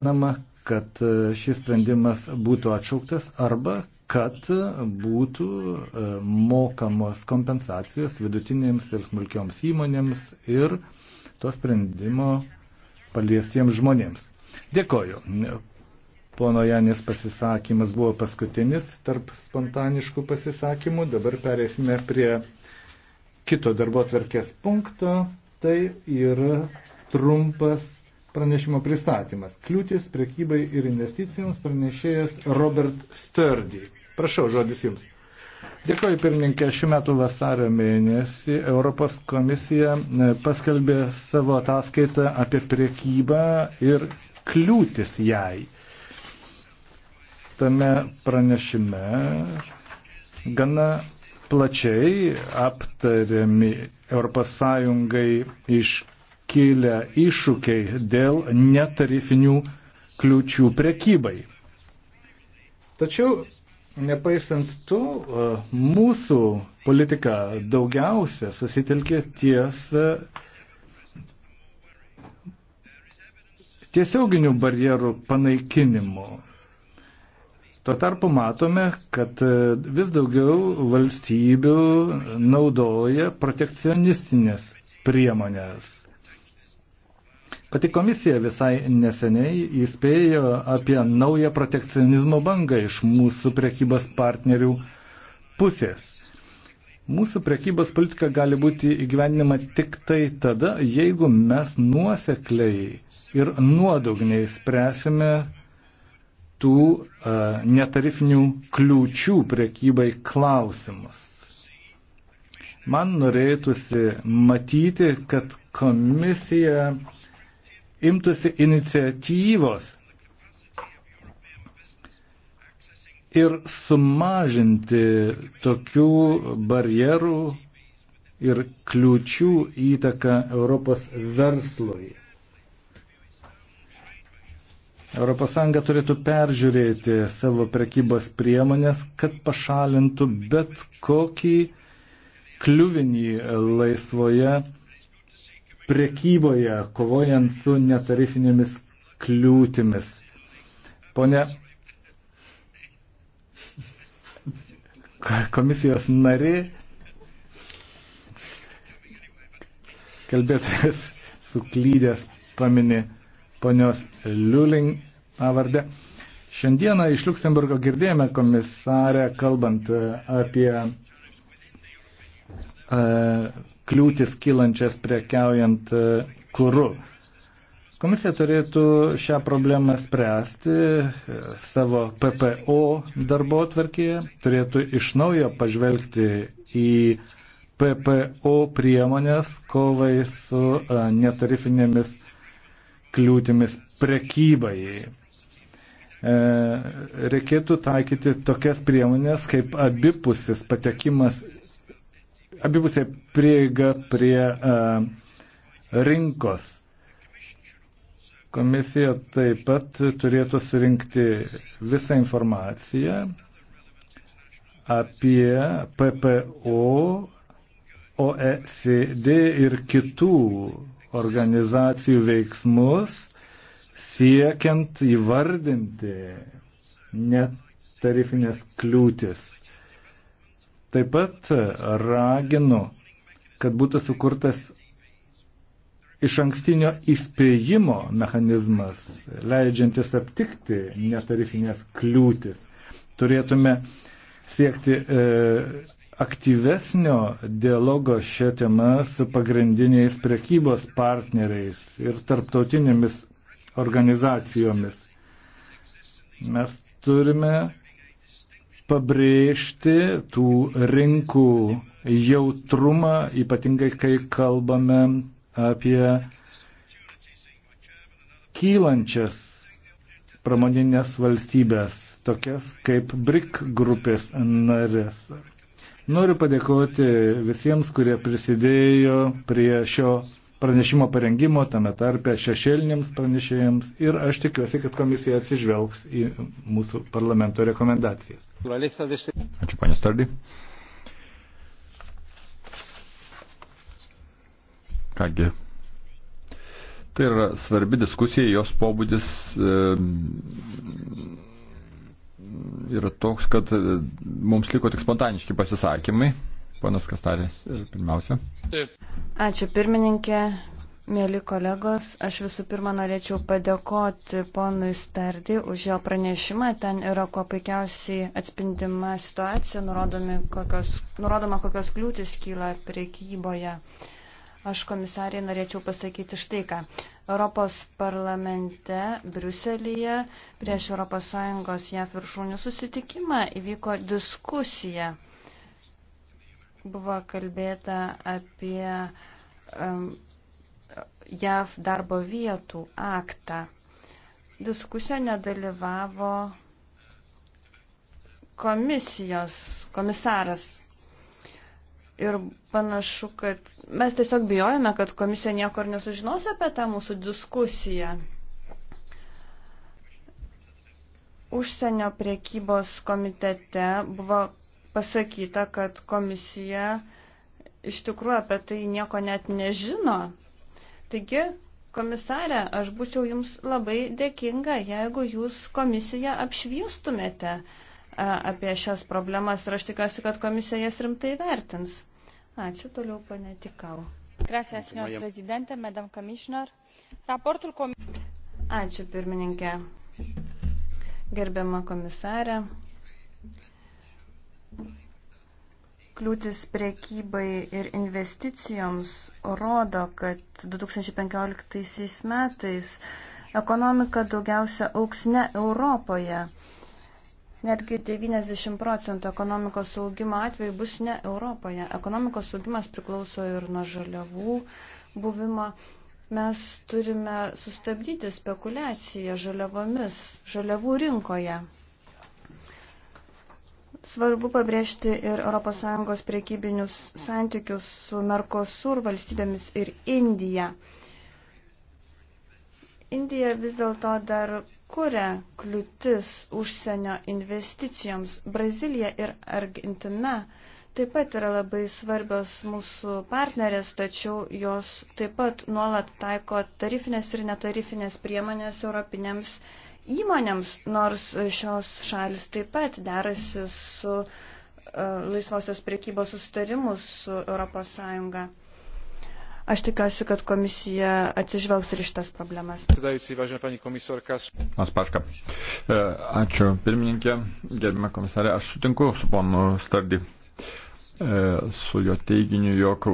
Manoma, kad e, šis sprendimas būtų atšauktas arba kad būtų e, mokamos kompensacijos vidutinėms ir smulkioms įmonėms ir to sprendimo paliestiems žmonėms. Dėkoju. Pono Janis pasisakymas buvo paskutinis tarp spontaniškų pasisakymų. Dabar perėsime prie kito darbo tvarkės punkto. Tai yra trumpas pranešimo pristatymas. Kliūtis prekybai ir investicijoms pranešėjas Robert Sturdy. Prašau, žodis jums. Dėkoju, pirmininkė. Šiuo metu vasario mėnesį Europos komisija e, paskelbė savo ataskaitą apie priekybą ir kliūtis jai. Tame pranešime gana plačiai aptariami ES iškirti kilę iššūkiai dėl netarifinių kliūčių prekybai. Tačiau, nepaisant to, e, mūsų politika daugiausia susitelkė ties e, tiesioginių barjerų panaikinimu. Tuo tarpu matome, kad e, vis daugiau valstybių naudoja protekcionistinės priemonės. Pati komisija visai neseniai įspėjo apie naują protekcionizmo bangą iš mūsų prekybos partnerių pusės. Mūsų prekybos politika gali būti įgyvendinama tik tai tada, jeigu mes nuosekliai ir nuodugniai spręsime tų uh, netarifinių kliūčių prekybai klausimus. Man norėtųsi matyti, kad komisija uh, imtųsi iniciatyvos ir sumažinti tokių barjerų ir kliūčių įtaką Europos verslui. ES turėtų peržiūrėti savo prekybos priemonės, kad pašalintų bet kokį kliuvinį laisvoje prekyboje, kovojant su netarifinėmis kliūtimis. Pone komisijos nari, kalbėtojas suklydęs pamini ponios Liuling pavardę. Šiandieną iš Luksemburgo girdėjome komisarę kalbant e, apie uh, kliūtis kylančias prekiaujant e, kuru. Komisija turėtų šią problemą spręsti e, savo PPO darbo atvarkėje, turėtų iš naujo pažvelgti į PPO priemonės kovai su e, netarifinėmis kliūtimis prekybai. Reikėtų taikyti tokias priemonės kaip abipusis patekimas abipusė prieiga prie a, e, rinkos. Komisija taip pat turėtų surinkti visą informaciją apie PPO, OECD ir kitų organizacijų veiksmus siekiant įvardinti netarifinės kliūtis Taip pat raginu, kad būtų sukurtas iš ankstinio įspėjimo mechanizmas, leidžiantis aptikti netarifinės kliūtis. Turėtume siekti e, aktyvesnio dialogo šią temą su pagrindiniais prekybos partneriais ir tarptautinėmis organizacijomis. Mes turime pabrėžti tų rinkų jautrumą, ypatingai kai kalbame apie kylančias pramoninės valstybės, tokias kaip BRIC grupės narės. Noriu padėkoti visiems, kurie prisidėjo prie šio pranešimo parengimo, tame tarpe šešėlinėms pranešėjams ir aš tikiuosi, kad komisija atsižvelgs į mūsų parlamento rekomendacijas. Ačiū, panė Stardy. Kągi. Tai yra svarbi diskusija, jos pobūdis e, yra toks, kad e, mums liko tik spontaniški pasisakymai. Ponas Kastarės, pirmiausia. Ačiū pirmininkė, mėly kolegos. Aš visų pirma norėčiau padėkoti ponui Stardi už jo pranešimą. Ten yra kuo puikiausiai atspindima situacija, kokios, nurodoma kokios kliūtis kyla priekyboje. Aš komisariai norėčiau pasakyti štai ką. Europos parlamente, Briuselyje, prieš ES JAF viršūnių susitikimą įvyko diskusija Buvo kalbėta apie um, JAV darbo vietų aktą. Diskusija nedalyvavo komisijos komisaras. Ir panašu, kad mes tiesiog bijojame, kad komisija niekur nesužinos apie tą mūsų diskusiją. Užsienio priekybos komitete buvo pasakyta, kad komisija iš tikrųjų apie tai nieko net nežino. Taigi, komisarė, aš būčiau jums labai dėkinga, jeigu jūs komisiją apšviestumėte apie šias problemas ir aš tikiuosi, kad komisija jas rimtai vertins. Ačiū toliau, pane Tikau. Ačiū pirmininkė. Gerbiama komisarė, kliūtis prekybai ir investicijoms rodo, kad 2015 metais ekonomika daugiausia auks ne Europoje. Netgi 90 procentų ekonomikos augimo atveju bus ne Europoje. Ekonomikos augimas priklauso ir nuo žaliavų buvimo. Mes turime sustabdyti spekulaciją žaliavomis, žaliavų rinkoje. Svarbu pabrėžti ir ES priekybinius santykius su Mercosur valstybėmis ir Indija. Indija vis dėlto dar kuria kliūtis užsienio investicijoms. Brazilija ir Argentina taip pat yra labai svarbios mūsų partnerės, tačiau jos taip pat nuolat taiko tarifinės ir netarifinės priemonės europinėms investicijoms įmonėms, nors šios šalis taip pat derasi su uh, laisvosios priekybos sustarimu su ES. Aš tikiuosi, kad komisija atsižvelgs ir šitas problemas. Mas Paška. E, ačiū pirmininkė, gerbime komisarė. Aš sutinku su ponu Stardy, e, su jo teiginiu, jog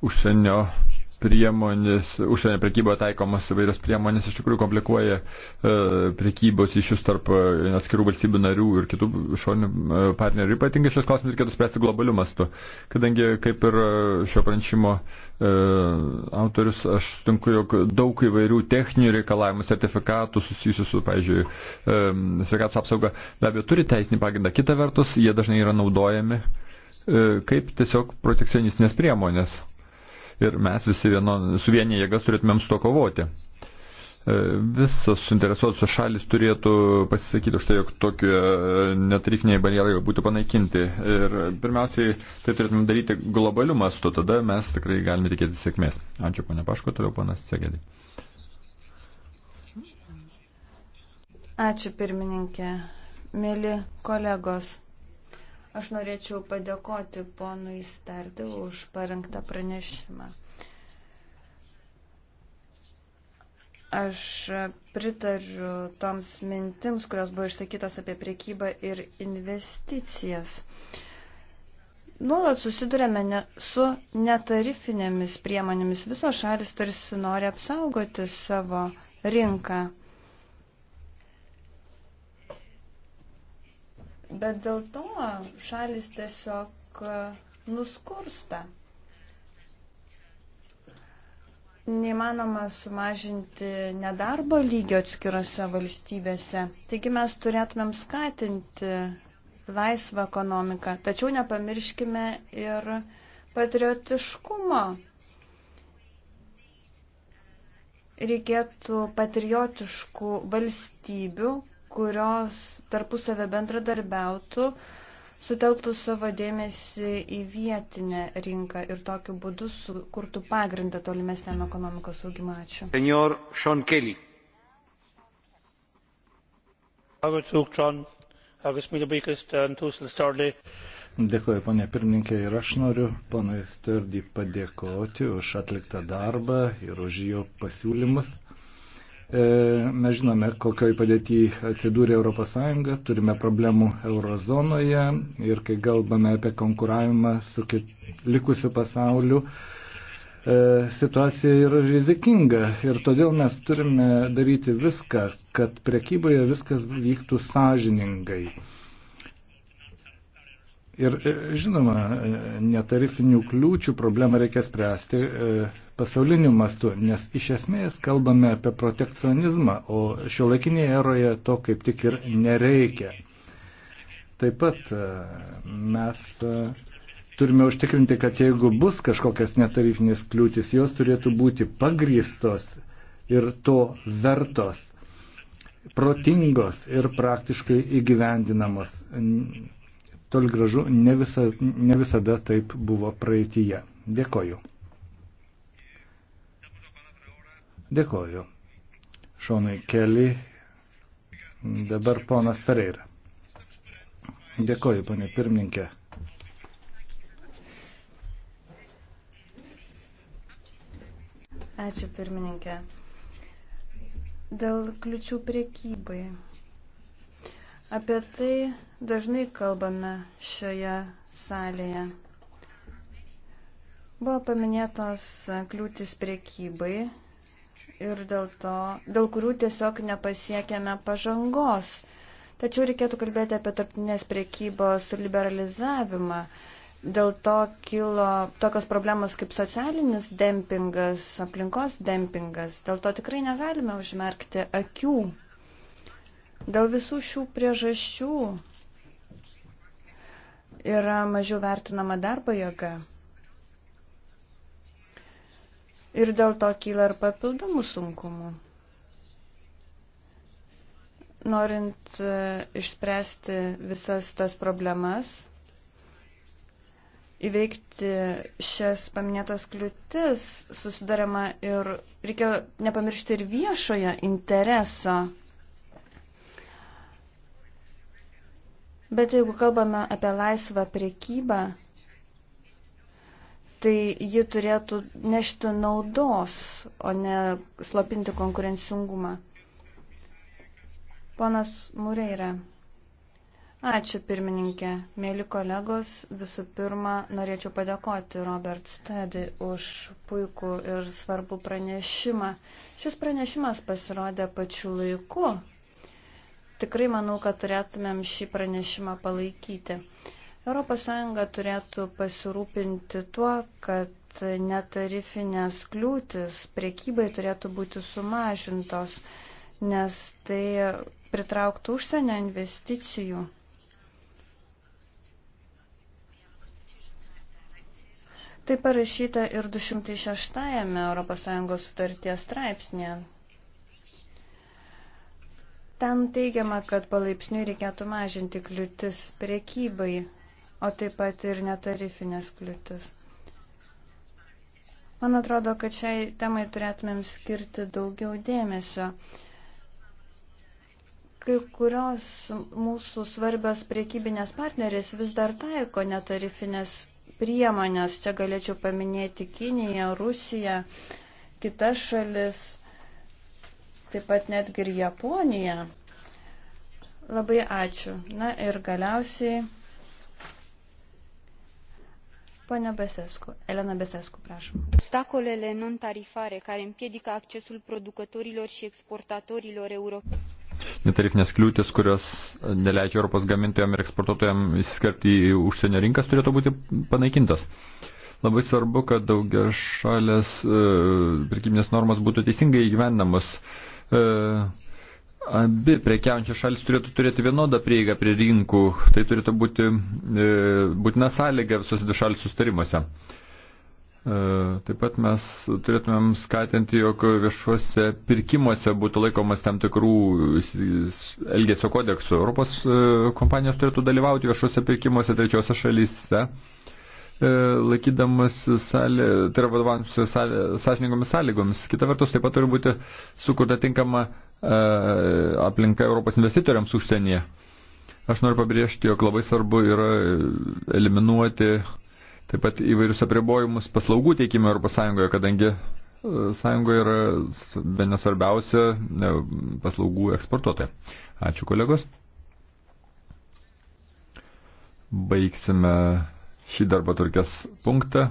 užsienio priemonės, užsienio prekyboje taikomas įvairios priemonės iš tikrųjų komplikuoja e, prekybos išius tarp e, atskirų valstybių narių ir kitų šoninių e, partnerių. Ypatingai šios klausimus reikėtų spręsti globaliu mastu, kadangi kaip ir e, šio pranešimo e, autorius, aš sutinku, jog daug įvairių techninių reikalavimų, sertifikatų susijusių su, pavyzdžiui, e, sveikatos apsauga, be abejo, turi teisinį pagrindą. Kita vertus, jie dažnai yra naudojami e, kaip tiesiog protekcionistinės priemonės ir mes visi vieno, suvienyje jėgas turėtumėm su to kovoti. E, visos suinteresuotos šalis turėtų pasisakyti už tai, jog tokie e, netarifiniai barjerai būtų panaikinti. Ir pirmiausiai tai turėtume daryti globaliu mastu, tada mes tikrai galime tikėti sėkmės. Ačiū, ponia Paško, toliau ponas Segedė. Ačiū, pirmininkė. Mėly kolegos. Aš norėčiau padėkoti ponui Stardi už parengtą pranešimą. Aš pritariu toms mintims, kurios buvo išsakytos apie priekybą ir investicijas. Nuolat susidurėme ne, su netarifinėmis priemonėmis. Visos šalis tarsi nori apsaugoti savo rinką. bet dėl to šalis tiesiog e, nuskursta. Neįmanoma sumažinti nedarbo lygio atskirose valstybėse. Taigi mes turėtumėm skatinti laisvą ekonomiką, tačiau nepamirškime ir patriotiškumo. Reikėtų patriotiškų valstybių, kurios tarpusavę bendradarbiautų, sutelktų savo dėmesį į vietinę rinką ir tokiu būdu sukurtų pagrindą tolimesniam ekonomikos augimą. Ačiū. Senior Sean Kelly. Dėkuoju, ponė pirmininkė, ir aš noriu ponui Sturdį padėkoti už atliktą darbą ir už jo pasiūlymus. E, mes žinome, kokioj padėtį atsidūrė ES, turime problemų eurozonoje ir kai kalbame apie konkuravimą su kit, likusiu pasauliu, e, situacija yra rizikinga ir todėl mes turime daryti viską, kad prekyboje viskas vyktų sąžiningai. Ir e, žinoma, e, netarifinių kliūčių problemą reikia spręsti e, pasauliniu mastu, nes iš esmės kalbame apie protekcionizmą, o šio laikinėje eroje to kaip tik ir nereikia. Taip pat mes turime užtikrinti, kad jeigu bus kažkokias netarifinės kliūtis, jos turėtų būti pagrystos ir to vertos, protingos ir praktiškai įgyvendinamos tol gražu ne, visa, ne visada taip buvo praeitįje. Dėkoju. Dėkoju. Šonai keli. Dabar ponas Ferreira. Dėkoju, ponė pirmininkė. Ačiū pirmininkė. Dėl kliučių priekybai. Apie tai dažnai kalbame šioje salėje. Buvo paminėtos kliūtis priekybai ir dėl, to, dėl kurių tiesiog nepasiekėme pažangos. Tačiau reikėtų kalbėti apie tarptinės priekybos liberalizavimą. Dėl to kilo tokios problemos kaip socialinis dempingas, aplinkos dempingas. Dėl to tikrai negalime užmerkti akių Dėl visų šių priežasčių yra mažiau vertinama darbo jėga. Ir dėl to kyla ir papildomų sunkumų. Norint e, išspręsti visas tas problemas, įveikti šias paminėtas kliūtis susidariama ir reikia nepamiršti ir viešojo intereso Bet jeigu kalbame apie laisvą priekybą, tai ji turėtų nešti naudos, o ne slopinti konkurencingumą. Ponas Mureira. Ačiū pirmininkė. Mėly kolegos, visų pirma, norėčiau padėkoti Robert Stedi už puikų ir svarbų pranešimą. Šis pranešimas pasirodė pačiu laiku, Tikrai manau, kad turėtumėm šį pranešimą palaikyti. ES turėtų pasirūpinti tuo, kad netarifinės kliūtis priekybai turėtų būti sumažintos, nes tai pritrauktų užsienio investicijų. Tai parašyta ir 206 ES sutarties straipsnėje. Ten teigiama, kad palaipsniui reikėtų mažinti kliūtis priekybai, o taip pat ir netarifinės kliūtis. Man atrodo, kad šiai temai turėtumėm skirti daugiau dėmesio. Kai kurios mūsų svarbios priekybinės partnerės vis dar taiko netarifinės priemonės. Čia galėčiau paminėti Kiniją, Rusiją, kitas šalis taip pat netgi ir Japonija. Labai ačiū. Na ir galiausiai. Pone Besescu, Elena Besescu, prașum. Obstacolele non-tarifare care împiedică accesul producătorilor și exportatorilor europeni. Netarifinės kliūtis, kurios neleidžia Europos gamintojams ir eksportuotojams įsiskirti į užsienio rinkas, turėtų būti panaikintos. Labai svarbu, kad daugia šalės e, prekybinės normas būtų teisingai įgyvendamos. E, E, abi prekiaujančios šalis turėtų turėti vienodą prieigą prie rinkų. Tai turėtų būti e, būtina sąlyga visose dvišalių sustarimuose. E, taip pat mes turėtumėm skatinti, jog viešuose pirkimuose būtų laikomas tam tikrų elgesio kodeksų. Europos e, kompanijos turėtų dalyvauti viešuose pirkimuose trečiose šalyse. E, E, laikydamas salė, tai yra vadovaujantis sąžiningomis sąlygomis. Kita vertus, taip pat turi būti sukurta tinkama e, aplinka Europos investitoriams užsienyje. Aš noriu pabrėžti, jog labai svarbu yra eliminuoti taip pat įvairius apribojimus paslaugų teikime ES, kadangi e, sąjungoje yra viena svarbiausia paslaugų eksportuotoja. Ačiū kolegos. Baigsime šį darbo turkės punktą.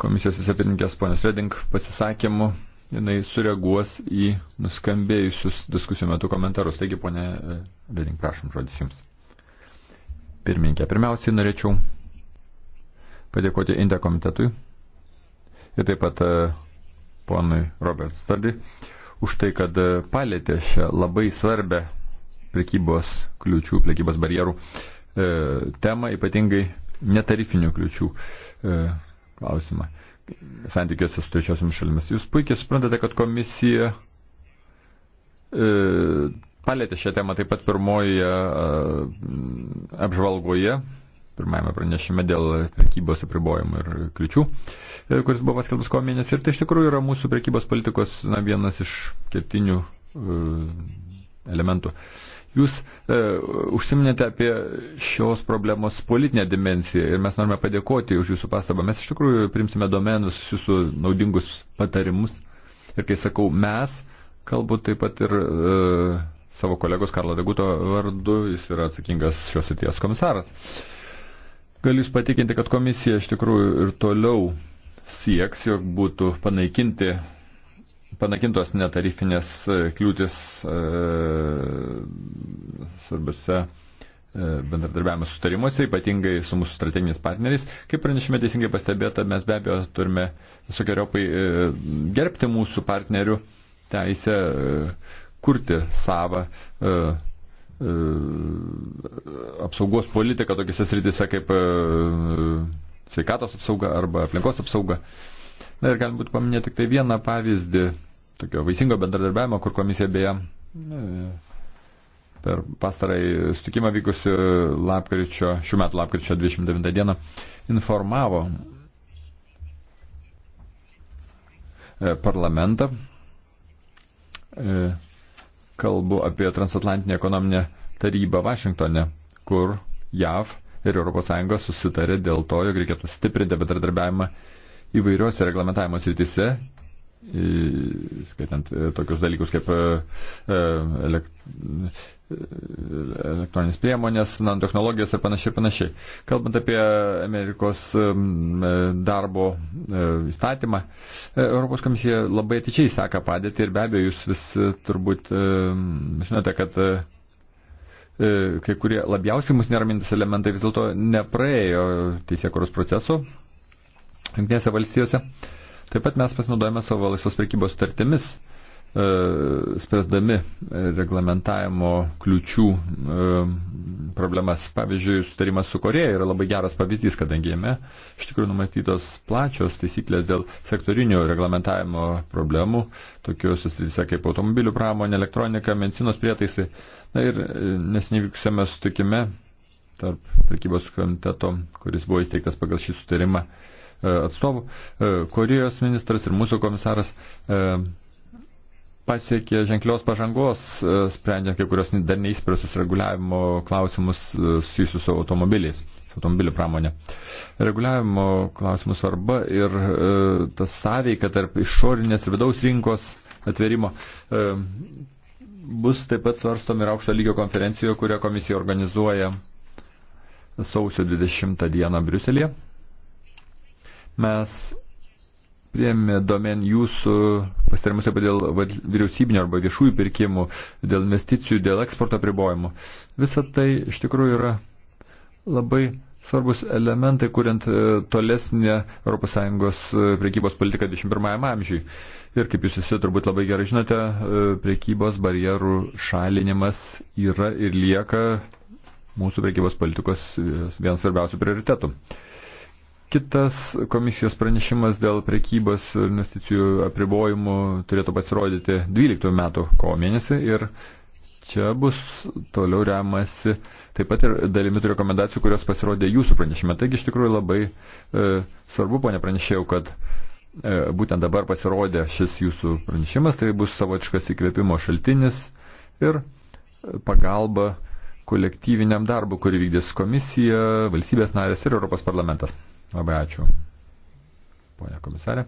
Komisijos įsipirinkės ponios Reding pasisakymu jinai sureaguos į nuskambėjusius diskusijų metu komentarus. Taigi, ponė e, Reding, prašom žodis jums. Pirmininkė, pirmiausiai norėčiau padėkoti Indė komitetui ir taip pat e, ponui Robert Stadi už tai, kad e, palėtė šią labai svarbę prekybos kliučių, prekybos barjerų temą, ypatingai netarifinių kliučių e, klausimą santykiuose su trečiosiomis šalimis. Jūs puikiai suprantate, kad komisija e, palėtė šią temą taip pat pirmoje e, apžvalgoje, pirmajame pranešime dėl prekybos apribojimų ir kliučių, kuris buvo paskelbtas kovo mėnesį. Ir tai iš tikrųjų yra mūsų prekybos politikos na, vienas iš kertinių elementų. Uh, Jūs e, užsiminėte apie šios problemos politinę dimensiją ir mes norime padėkoti už jūsų pastabą. Mes iš tikrųjų primsime domenus jūsų naudingus patarimus. Ir kai sakau mes, kalbu taip pat ir e, savo kolegos Karlo Deguto vardu, jis yra atsakingas šios įties komisaras. Galiu jūs patikinti, kad komisija iš tikrųjų ir toliau sieks, jog būtų panaikinti panakintos netarifinės e, kliūtis e, svarbiose e, bendradarbiavimo sustarimuose, ypatingai su mūsų strateginiais partneriais. Kaip pranešime teisingai pastebėta, mes be abejo turime visokiojopai e, gerbti mūsų partnerių teisę kurti savą apsaugos politiką tokiuose srityse kaip sveikatos apsauga arba aplinkos apsauga. Na ir galbūt paminėti tik tai vieną pavyzdį tokio vaisingo bendradarbiavimo, kur komisija beje per pastarąjį sutikimą vykusi lapkričio, šių metų lapkričio 29 dieną informavo e, parlamentą. E, kalbu apie transatlantinę ekonominę tarybą Vašingtone, kur JAV ir ES susitarė dėl to, jog reikėtų stiprinti bendradarbiavimą įvairiuose reglamentavimo srityse, skaitant e, tokius dalykus kaip e, e, elektroninės priemonės, nanotehnologijos ir panašiai, panašiai. Kalbant apie Amerikos darbo įstatymą, Europos komisija labai atičiai seka padėtį ir be abejo jūs vis turbūt žinote, kad kai kurie labiausiai mus neramintis elementai vis dėlto nepraėjo teisėkuros procesų Junktinėse valstijose. Uh, Taip pat mes pasinaudojame savo laisvos prekybos sutartimis, e, spręsdami e, reglamentavimo kliučių e, problemas. Pavyzdžiui, sutarimas su Koreja yra labai geras pavyzdys, kadangi jame iš tikrųjų numatytos plačios taisyklės dėl sektorinių reglamentavimo problemų, tokios susitise kaip automobilių pramonė, elektronika, medicinos prietaisai. Na ir nesnevykusiame sutikime tarp prekybos komiteto, kuris buvo įsteigtas pagal šį sutarimą, E, atstovų, e, Korejos ministras ir mūsų komisaras e, pasiekė ženklios pažangos, sprendžiant kai kurios dar neįspręstus reguliavimo klausimus susijusius su automobiliais automobilių pramonė. Reguliavimo klausimų svarba ir e, tas sąveika tarp išorinės ir vidaus rinkos atverimo e, bus taip pat svarstomi ir aukšto lygio konferencijoje, kurią komisija organizuoja sausio 20 dieną Briuselėje. Mes priemė domen jūsų pastarimus apie dėl vyriausybinio arba viešųjų pirkimų, dėl investicijų, dėl eksporto pribojimų. Visa tai iš tikrųjų yra labai svarbus elementai, kuriant e, tolesnę ES e, priekybos politiką 21 amžiui. Ir kaip jūs visi turbūt labai gerai žinote, e, priekybos barjerų šalinimas yra ir lieka mūsų priekybos politikos vienas svarbiausių prioritetų. Kitas komisijos pranešimas dėl prekybos investicijų apribojimų turėtų pasirodyti 12 metų kovo mėnesį ir čia bus toliau remasi taip pat ir dalimi tų rekomendacijų, kurios pasirodė jūsų pranešime. Taigi iš tikrųjų labai e, svarbu, ponė pranešėjau, kad e, būtent dabar pasirodė šis jūsų pranešimas, tai bus savotiškas įkvėpimo šaltinis ir pagalba kolektyviniam darbui, kurį vykdys komisija, valstybės narės ir Europos parlamentas. Labai ačiū, ponia komisarė.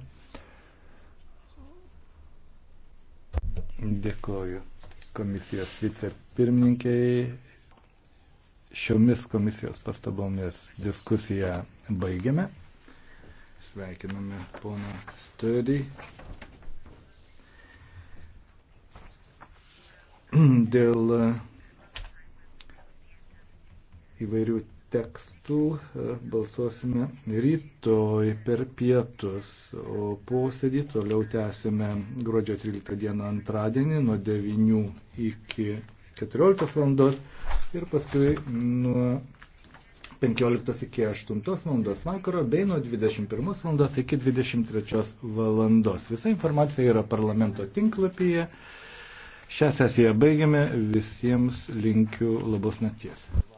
Dėkoju komisijos vicepirmininkiai. Šiomis komisijos pastabomis diskusiją baigiame. Sveikiname poną Sturį. Dėl įvairių tekstų e, balsuosime rytoj per pietus, o posėdį toliau tęsime gruodžio 13 dieną antradienį nuo 9 iki 14 val. ir paskui nuo 15 iki 8 val. vakaro bei nuo 21 val. iki 23 val. Visa informacija yra parlamento tinklapyje. Šią sesiją baigiame, visiems linkiu labos nakties.